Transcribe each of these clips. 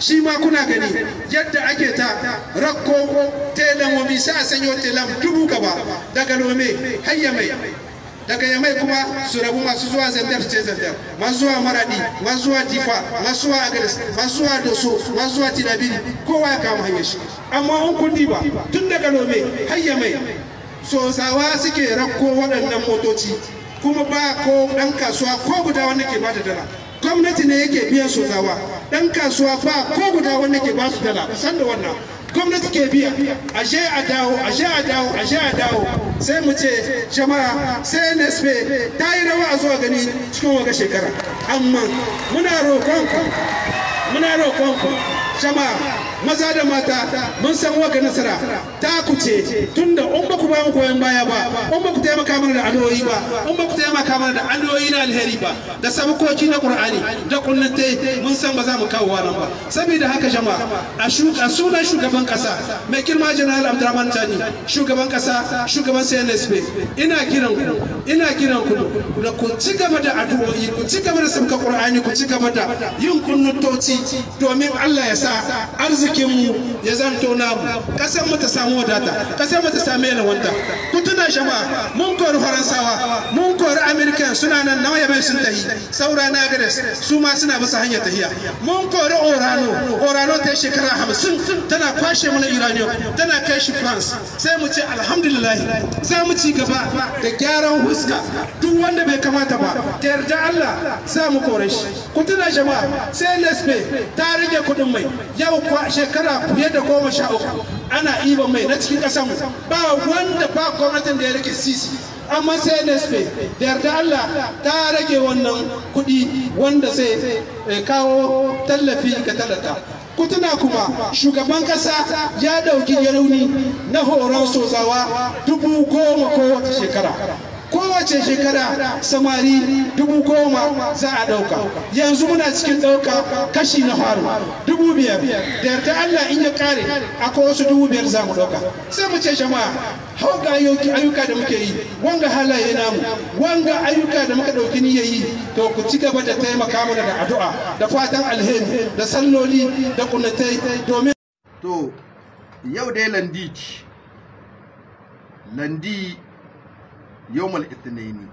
shi ma kuna gani yadda ake ta rakko telan wami sai a sanyo telan dubu gaba daga lome hayya mai daga yamai kuma su rabu masu zuwa zandar ce zandar masu zuwa maradi masu zuwa jifa masu zuwa agres masu zuwa doso masu zuwa tilabiri kowa ya kama hanyar shi amma un kundi ba tun daga lome hayya mai sosawa suke rakko waɗannan motoci kuma ba ko ɗan kasuwa ko guda wanda ke da dala gwamnati ne yake biyan sojawa dan kasuwa fa ko guda wanda ke ba su dala san da wannan gwamnati ke biya ashe a dawo ashe a dawo ashe a dawo sai mu ce jama'a sai nsp ta yi rawa a zuwa gani cikin waga shekara amma muna roƙonku muna roƙonku jama'a maza da mata mun san waka nasara ta ku ce tunda in ba ku ba mu koyon baya ba in ba ku taimaka mana da addu'o'i ba in ba ku taimaka mana da addu'o'i na alheri ba da sabukoki na qur'ani da kunnate mun san ba za mu kawo wannan ba saboda haka jama'a a sunan shugaban kasa mai girma general abdurrahman tani shugaban kasa shugaban cnsp ina kiran ku ina kiran ku da ku ci gaba da addu'o'i ku ci gaba da sabka qur'ani ku ci gaba da yin kunnutoci domin Allah ya sa arziki arzikin mu ya zanto namu kasar mu ta samu wadata kasar mu ta samu yalwanta ku tuna jama'a mun kori faransawa mun kori american suna nan nawa yaban sun tahi saura na gares su ma suna bisa hanyar tahiya mun kori orano orano ta shekara hamsin tana kwashe mana uranium tana kai shi france sai mu ce alhamdulillah za mu ci gaba da gyaran huska duk wanda bai kamata ba ta yarda Allah za mu kore shi ku tuna jama'a sai lesbe ta rage kuɗin mai yau kwa shekara fiye da goma sha uku ana iba mai na cikin mu ba wanda ba gwamnatin da ya rike sisi amma sai nespe da yarda Allah ta rage wannan kuɗi wanda zai eh, kawo tallafi ga talata kutuna kuma shugaban ƙasa ya ɗauki yarauni na horon sozawa dubu goma kowace shekara kowace shekara samari dubu goma za a ɗauka yanzu muna cikin ɗauka kashi na faru dubu biyar da yarda Allah in ya kare akwai wasu dubu biyar za mu ɗauka sai mu ce jama'a hau ga ayyuka da muke yi wanga halaye namu wanga ayyuka da muka ɗauki niyya yi to ku ci gaba da taimaka mana da addu'a da fatan alheri da salloli da kunatai domin to yau dai landi landi yawmal itinaini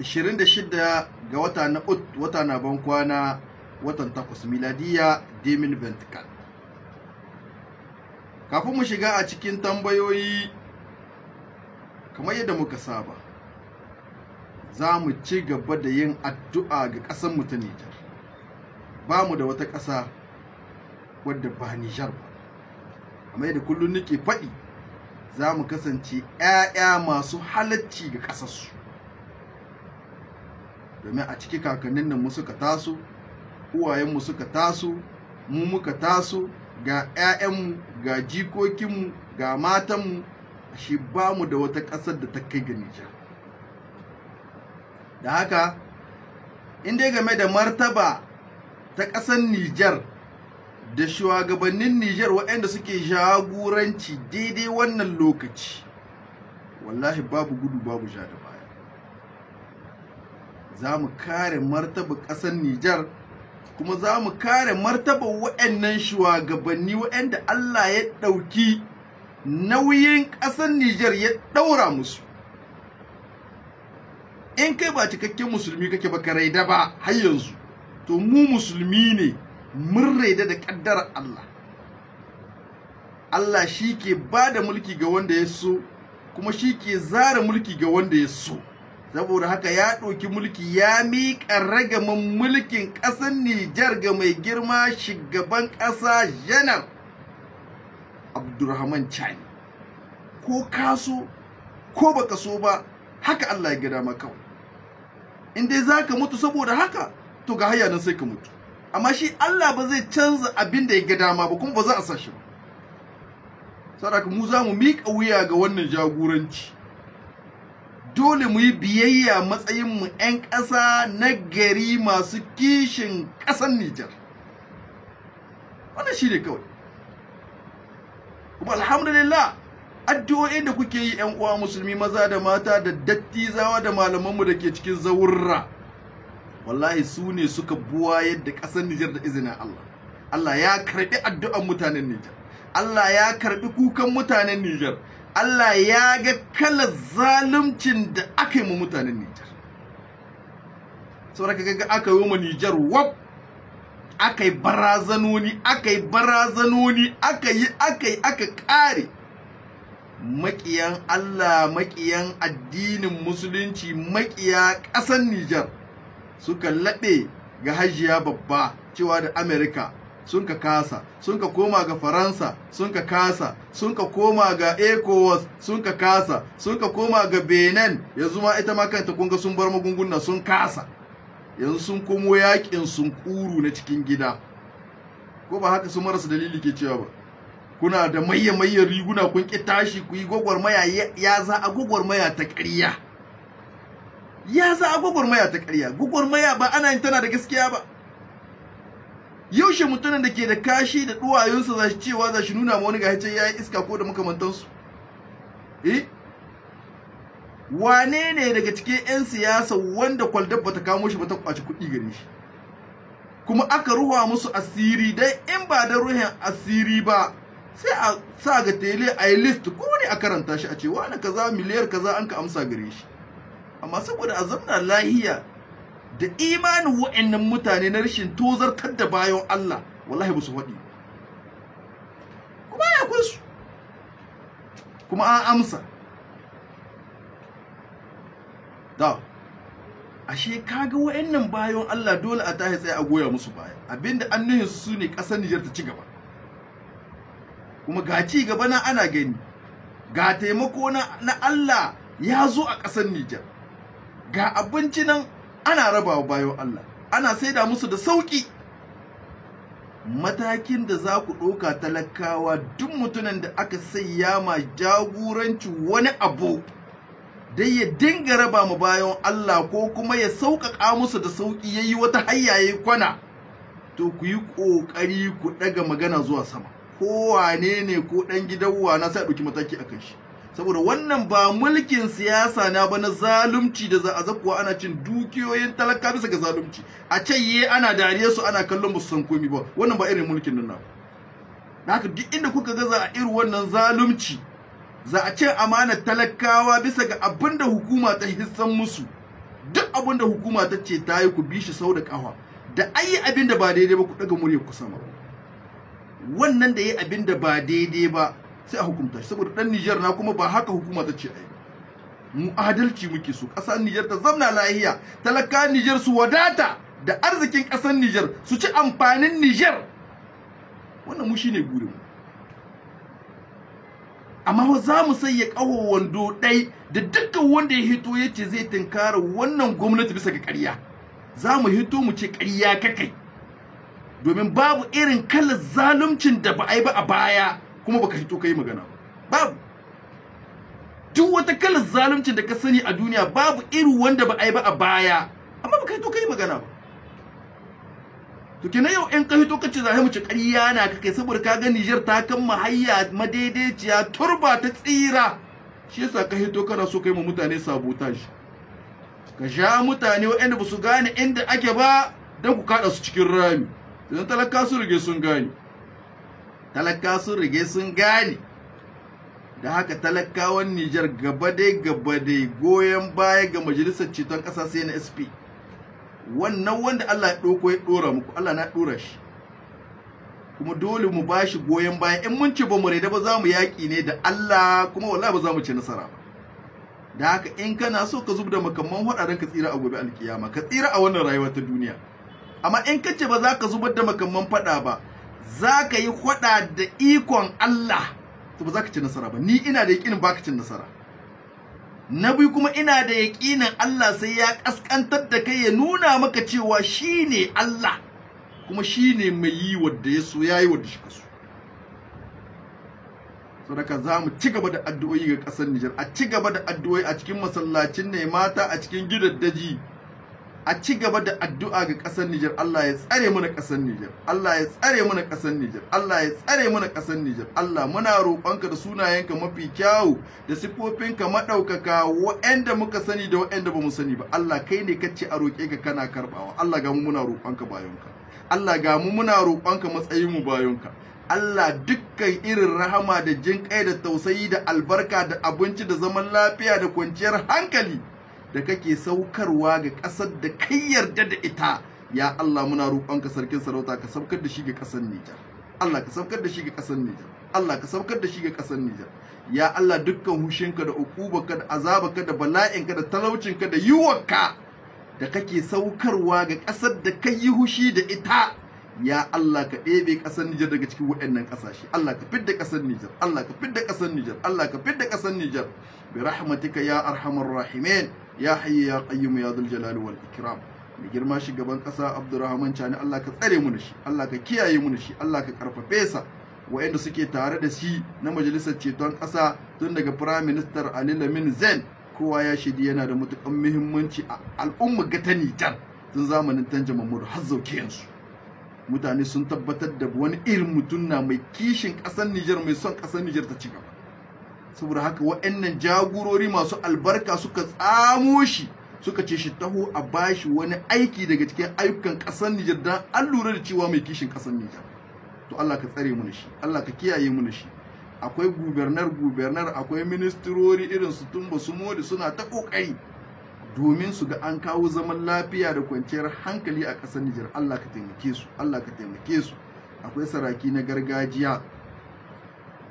26 ga wata na ut wata na kwana, watan takwas miladiya demin ventical kafin mu shiga a cikin tambayoyi kamar yadda muka saba za mu ci gaba da yin addu'a ga ƙasar ta Nijar ba mu da wata ƙasa wadda ba Nijar ba kamar yadda kullum nake faɗi za mu kasance 'ya'ya masu halacci ga ƙasarsu domin a ciki kakannin nan mu suka taso uwayenmu suka taso mu muka taso ga 'ya'yanmu ga jikokinmu ga matanmu shi ba mu da wata ƙasar da ta kai ga nija da haka in game da martaba ta ƙasar Nijar da shugabannin Nijar waɗanda suke jagoranci daidai wannan lokaci wallahi babu gudu babu ja da baya za mu kare martaba ƙasar Nijar kuma za mu kare martaba waɗannan shugabanni waɗanda Allah ya ɗauki nauyin ƙasar Nijar ya ɗaura musu in kai ba cikakken musulmi kake ba ka raida ba har yanzu to mu musulmi ne mun raida da ƙaddarar Allah Allah shi ke ba da mulki ga wanda ya so kuma shi ke zara mulki ga wanda ya so saboda haka ya ɗauki mulki ya miƙa ragaman mulkin ƙasar Nijar ga mai girma shugaban ƙasa janar Abdulrahman Chani ko kaso ko baka so ba haka Allah ya gada maka in dai zaka mutu saboda haka to ga haya nan sai ka mutu amma shi Allah ba zai canza abin da ya ga dama ba kuma ba za a sa shi ba saboda mu za mu miƙa wuya ga wannan jagoranci dole mu yi biyayya matsayin mu 'yan ƙasa na gari masu kishin ƙasar Nijar wannan shi ne kawai kuma alhamdulillah addu'o'in da kuke yi 'yan uwa musulmi maza da mata da dattizawa da malamanmu da ke cikin zawurra wallahi su ne suka buwa yadda ƙasar Nijar da izinin Allah Allah ya karbi addu'an mutanen Nijar Allah ya karbi kukan mutanen Nijar Allah ya ga kalar zaluncin da aka yi mu mutanen Nijar saboda kaga aka yi wa Nijar wab aka yi barazanoni aka yi barazanoni aka yi aka yi aka kare maƙiyan Allah maƙiyan addinin musulunci maƙiya ƙasar Nijar suka laɗe ga hajiya babba cewa da amerika sun ka kasa sun ka koma ga faransa sun ka kasa sun ka koma ga ecowas sun ka kasa sun ka koma ga benin yanzu ma ita ma kanta kunga sun bar magunguna sun kasa yanzu sun komo yaƙin sun kuru na cikin gida ko ba haka su marasa dalili ke cewa ba kuna da mayya mayyar riguna kun ki tashi ku yi gwagwarmaya ya za a gwagwarmaya ta ƙarya ya za a gwagwarmaya ta ƙarya gwagwarmaya ba ana yin tana da gaskiya ba yaushe mutumin da ke da kashi da duwayunsa za shi cewa za shi nuna ma wani gahicin ya yi iska ko da makamantansu eh wane ne daga cikin 'yan siyasa wanda kwaldab ba ta kamo shi ba ta kwaci kuɗi gare shi kuma aka ruwa musu asiri dai in ba da ruhin asiri ba sai a sa ga tele a yi list ko ne a karanta shi a ce wani kaza miliyar kaza an ka amsa gare shi amma saboda a zamna lahiya da imanin wa'annan mutane na rashin tozartar da bayan Allah wallahi ba su faɗi kuma ya kunsu kuma an amsa da ashe kaga wa'annan bayan Allah dole a tahi tsaye a goya musu baya abinda annuhin su ne ƙasar Nijar ta ci gaba kuma ga ci gaba na ana gani ga taimako na Allah ya zo a ƙasar Nijar ga abinci nan ana rabawa bayan Allah ana saida musu da sauki matakin da za ku ɗauka talakawa duk mutunan da aka saya ma jagoranci wani abu da ya dinga raba mu bayan Allah ko kuma ya sauƙaƙa musu da sauƙi yi wata ya kwana to ku yi ƙoƙari ku ɗaga magana zuwa sama ko wane ne ko ɗan gidan wana sai ɗauki mataki a kan shi saboda wannan ba mulkin siyasa na ba na zalunci da za a zakuwa ana cin dukiyoyin talaka bisa ga zalunci a ce yi ana dariya su ana kallon ba su san komi ba wannan ba irin mulkin nan na haka duk inda kuka ga za a irin wannan zalunci za a cin amana talakawa bisa ga abin da hukuma ta hissan musu duk abin da hukuma ta ce ta yi ku bi shi sau da kawa da ayi abin da ba daidai ba ku daga murya ku sama wannan da yi abin da ba daidai ba sai a hukunta shi saboda dan Nijar na kuma ba haka hukuma ta ce ai mu adalci muke so ƙasar Nijar ta zamna lahiya talaka Nijar su wadata da arzikin ƙasar Nijar su ci amfanin Nijar wannan mu shine burin mu amma za mu sai ya kawo wando ɗaya da dukkan wanda ya hito ya ce zai tinkara wannan gwamnati bisa ga ƙarya za mu hito mu ce ƙarya kakai domin babu irin kalar zaluncin da ba a yi ba a baya kuma baka hito kai magana ba babu duk wata kalar zalunci da ka sani a duniya babu irin wanda ba ai ba a baya amma baka hito kai magana ba to kenan yau in ka hito ka ce zahai ci ƙarya na ka kai saboda ka ga Niger ta kan mahayya madaidaiciya turba ta tsira shi yasa ka hito kana so kai ma mutane sabotage ka sha mutane waɗanda ba su gane inda ake ba don ku kaɗa su cikin rami idan talaka su rige sun gane talaka sun rige sun gane da haka talakawan Nijar gabadai-gabadai goyon baya ga majalisar ceton ƙasa sai na SP wannan wanda Allah ya ɗauko ya ɗora muku Allah na ɗora shi kuma dole mu bashi goyon baya in mun ci ba mu da ba za mu yaƙi ne da Allah kuma wallahi ba za mu ci nasara ba da haka in kana so ka zub da makamman waɗannan ka tsira a gobe alkiyama ka tsira a wannan rayuwar ta duniya amma in ka ce ba za ka zubar da makamman faɗa ba za ka yi hwada da ikon Allah to ba za ka ci nasara ba ni ina da yakinin ba ka ci nasara na biyu kuma ina da yaƙinin Allah sai ya ƙaskantar da kai ya nuna maka cewa shi ne Allah kuma shi ne mai yi wadda ya so ya yi wadda shi ka so sadaka za mu ci gaba da addu'o'i ga ƙasar Nijar a ci gaba da addu'o'i a cikin masallacin ne mata a cikin gidan daji a ci gaba da addu'a ga ƙasar Nijar Allah ya tsare mana ƙasar Nijar Allah ya tsare mana ƙasar Nijar Allah ya tsare mana ƙasar Nijar Allah muna roƙonka da sunayenka mafi kyawu da sifofinka maɗaukaka waɗanda muka sani da waɗanda ba mu sani ba Allah kai ne kacce a roƙe ka kana karɓawa Allah ga muna roƙonka bayonka Allah ga muna roƙonka matsayin mu bayonka Allah dukkan irin rahama da jinƙai da tausayi da albarka da abinci da zaman lafiya da kwanciyar hankali da kake saukarwa ga ƙasar da kai yarda da ita ya Allah muna roƙonka sarkin sarauta ka saukar da shi ga ƙasar Nijar Allah ka saukar da shi ga ƙasar Nijar Allah ka saukar da shi ga ƙasar Nijar ya Allah dukkan hushinka da ka da azabaka da bala'inka da talaucinka da yiwarka da kake saukarwa ga ƙasar da kai yi hushi da ita ya Allah ka ɗebe ƙasar Nijar daga cikin waɗannan ƙasashe Allah ka fidda ƙasar Nijar Allah ka fidda ƙasar Nijar Allah ka fidda ƙasar Nijar bi rahmatika ya arhamar rahimin ya hayi ya qayyum ya dhul jalali wal ikram mai girma shugaban ƙasa Abdurrahman Chani Allah ka tsare mu da shi Allah ka kiyaye mu da shi Allah ka karfafe sa waɗanda suke tare da shi na majalisar ceton ƙasa tun daga Prime Minister Ali Lamin Zen kowa ya shidi yana da matuƙar muhimmanci a al'umma ga ta Nijar tun zamanin Tanja mamur har yanzu. mutane sun tabbatar da wani irin mutum na mai kishin ƙasar Nijar mai son ƙasar Nijar ta ci gaba saboda haka waɗannan jagorori masu albarka suka tsamo shi suka ce shi taho a bashi wani aiki daga cikin ayyukan ƙasar Nijar don an lura da cewa mai kishin ƙasar Nijar to Allah ka tsare mu shi Allah ka kiyaye mu shi akwai gubernar gubernar akwai ministirori irin su tumba su modi suna ta kokari domin su ga an kawo zaman lafiya da kwanciyar hankali a ƙasar Nijar ka taimake su Allah ka taimake su akwai saraki na gargajiya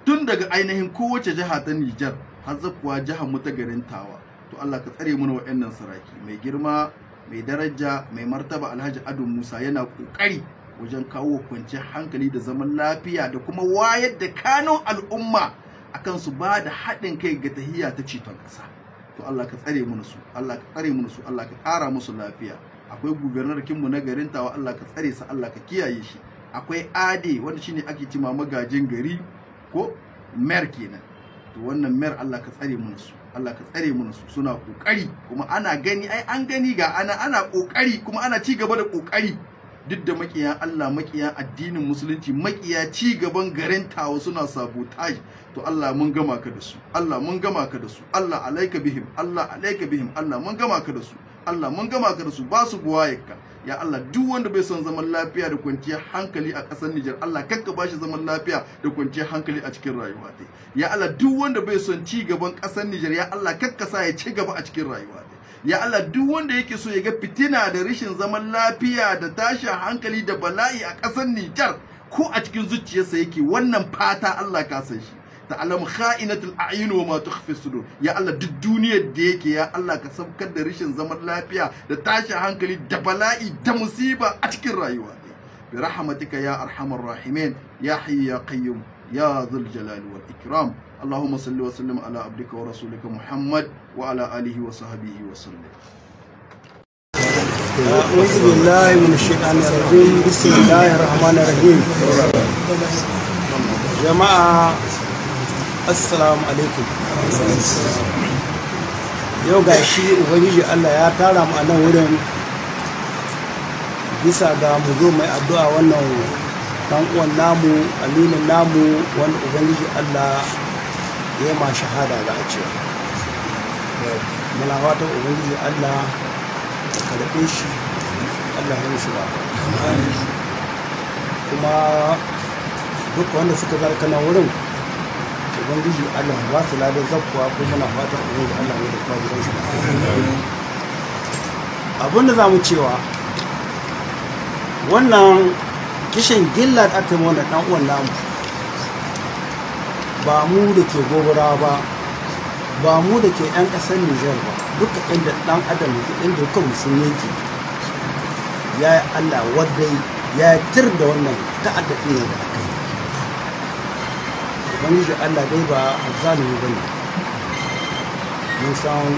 tun daga ainihin kowace jiha ta Nijar har zakuwa jihar mu ta garin Tawa to Allah ka tsare mana waɗannan saraki mai girma mai daraja mai martaba Alhaji Ado Musa yana kokari wajen kawo kwanciyar hankali da zaman lafiya da kuma wayar da kano al'umma akan su ba da haɗin kai ga tahiya ta ceton ƙasa to Allah ka tsare mana su Allah ka tsare mana su Allah ka ƙara musu lafiya akwai gubernar mu na garin Tawa Allah ka tsare sa Allah ka kiyaye shi akwai ade wanda shine ake cima magajin gari ko mer kenan to wannan mer Allah ka tsare mu su Allah ka tsare mu su suna kokari kuma ana gani ai an gani ga ana ana kokari kuma ana ci gaba da kokari duk da makiyan Allah makiyan addinin musulunci makiya ci gaban garin tawa suna sabotage to Allah mun gama ka da su Allah mun gama ka da su Allah alaika bihim Allah alaika bihim Allah mun gama ka da su Allah mun gama ka da su ba su buwayarka ya Allah duk wanda bai son zaman lafiya da kwanciyar hankali a ƙasar Nijar Allah kakka ba shi zaman lafiya da kwanciyar hankali a cikin rayuwa ta ya Allah duk wanda bai son ci gaban ƙasar Nijar ya Allah kakka sa ya ci gaba a cikin rayuwa ta ya Allah duk wanda yake so ya ga fitina da rashin zaman lafiya da tashin hankali da bala'i a ƙasar Nijar ko a cikin zuciyarsa yake wannan fata Allah ka san shi ta'lam kha'inatul a'yun wa ma tukhfi sudur ya Allah duk duniyar da yake ya Allah ka sabkar da rashin zaman lafiya da tashin hankali da bala'i da musiba a cikin rayuwa bi rahmatika ya arhamar rahimin ya hayyu ya qayyum ya dhul jalali wal ikram اللهم صل وسلم على عبدك ورسولك محمد وعلى آله وصحبه وسلم أعوذ بالله من الشيطان الرجيم بسم الله الرحمن الرحيم جماعة assalamu alaikum yau ga shi ubangiji allah ya tara mu a nan wurin bisa ga mu zo mai addu'a wannan dan uwan namu aminin namu wanda ubangiji allah ya ma shahada ga a ce muna fatan ubangiji allah ka karɓe shi allah ya shi ba kuma duk wanda suka zarka nan wurin ubangiji allah ba su ladar zakkuwa ko muna fatan ubangiji allah ne da kuma gidan shi abin da za mu cewa wannan kishin gilla da aka yi wanda uwan namu ba mu da ke gobara ba ba mu da ke 'yan kasar nijar ba duka inda dan adam da inda duka musulmi yanki ya yi allah wadda ya tir da wannan ta'adda da aka ubangiji allah dai ba zalimi ba ne mun san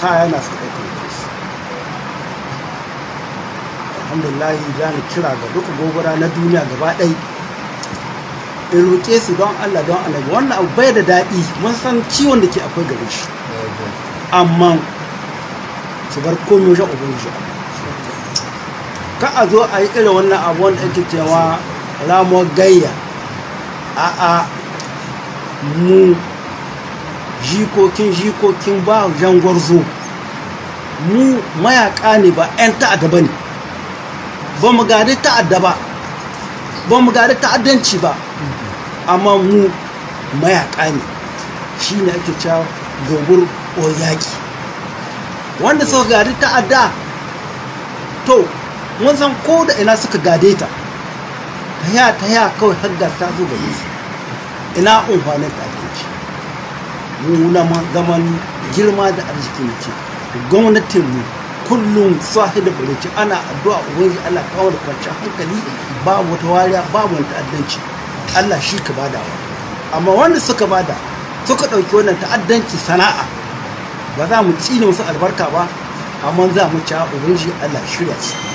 kaya na su aikin kansu alhamdulillahi za ni kira ga duka gobara na duniya gaba ɗai in roƙe su don allah don allah wannan abu bai da daɗi mun san ciwon da ke akwai gare shi amma su bar komi wajen ubangiji ka a zo a yi irin wannan abu wanda ake cewa ramuwar gayya a'a mu jikokin jikokin ba zo, mu mayaka ne ba 'yan ta'adda ba ne ba mu gari ta'adda ba ba mu gari ta'addanci ba amma mu mayaka ne shi ne ake cewa gobur oyaki wanda suka gari ta'adda to mun san ko da ina suka gade ta ta ya ta ya kawai hagga ta da nisa ina amfanin da abinci mu zaman girma da arziki ne ce gwamnatin mu kullum sahi da barici ana addu'a ubangi Allah kawo da kwanciyar hankali babu ta wariya babu wani ta'addanci Allah shi ka bada amma wanda suka bada suka ɗauki wannan ta'addanci sana'a ba za mu tsine musu albarka ba amma za mu ci ubangi Allah shirya su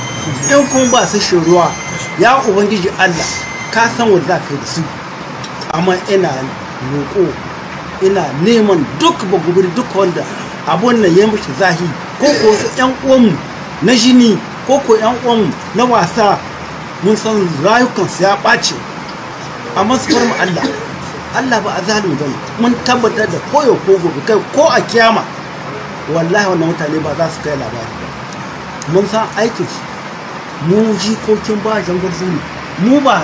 in kuma ba su shi ruwa ya ubangiji allah ka san wanda ka yi su amma ina roƙo ina neman duk bagubiri duk wanda abun nan ya mace zahi ko ko su yan uwanmu na jini ko ko yan uwanmu na wasa mun san su ya ɓace amma su farma allah allah ba a zalim bane mun tabbatar da koyo ko gobe kai ko a kyama wallahi wannan mutane ba za su kai labari mun san aikinsu mu jikokin ba jangwarzo ne mu ba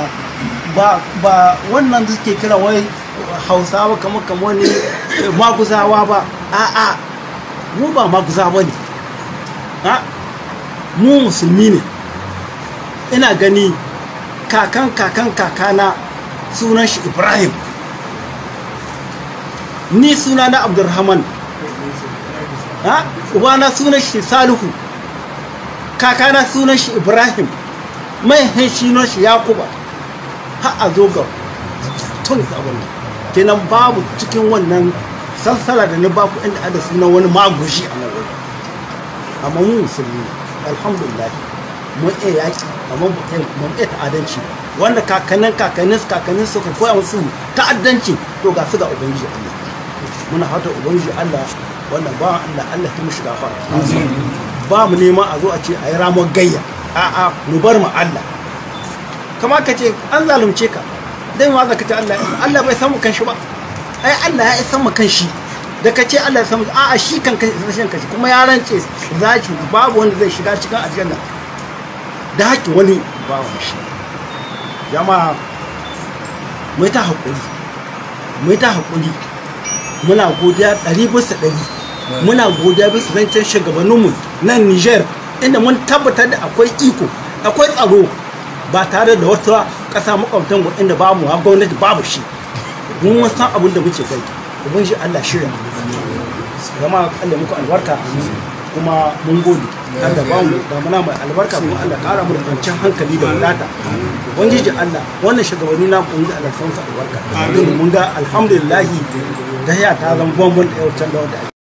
ba wannan suke kira wai hausawa kamar kamar ne eh, maguzawa ba a'a mu ba maguzawa ne mu musulmi ne ina gani kakan kakan kakana sunan shi ibrahim ni suna na abdurrahman ubana sunan shi salihu kakana sunan shi ibrahim mai sunan shi yakuba ha a zo ga tun abin kenan babu cikin wannan sansala da ba babu inda ada sunan wani magushi a nan amma mu musulmi alhamdulillah mun iya yaki amma mun iya ta'adanci wanda kakannin kakannin kakannin suka koya musu ta'addanci to ga su ga ubangiji Allah muna fata ubangiji Allah wannan ba Allah Allah ya mushi gafara ba mu nema a zo a ce a yi ramon gayya a'a mu bar mu Allah kama ka ce an zalunce ka dai ma za ka ce Allah Allah bai san mu kanshi ba ai Allah ya san mu kanshi da ka ce Allah ya san mu a'a shi kan kanshi kanshi kuma ya rance zaki babu wanda zai shiga cikin aljanna da haƙi wani ba wa shi jama'a mai ta haƙuri mai ta haƙuri muna godiya ɗari bisa ɗari muna godiya bisa zancen shugabanninmu nan Niger inda mun tabbatar da akwai iko akwai tsaro ba tare da wata ƙasa makwabtan inda ba mu gwamnati babu shi mun san abin da muke kai ubin shi Allah shirya zama Allah muku albarka kuma mun gode da ba mu da muna mai albarka kuma Allah kara mu da kwanciyar hankali da wadata ubangiji Allah wannan shugabanni na kun da Allah san albarka mun ga alhamdulillah da ya ta zama bambam da yau can da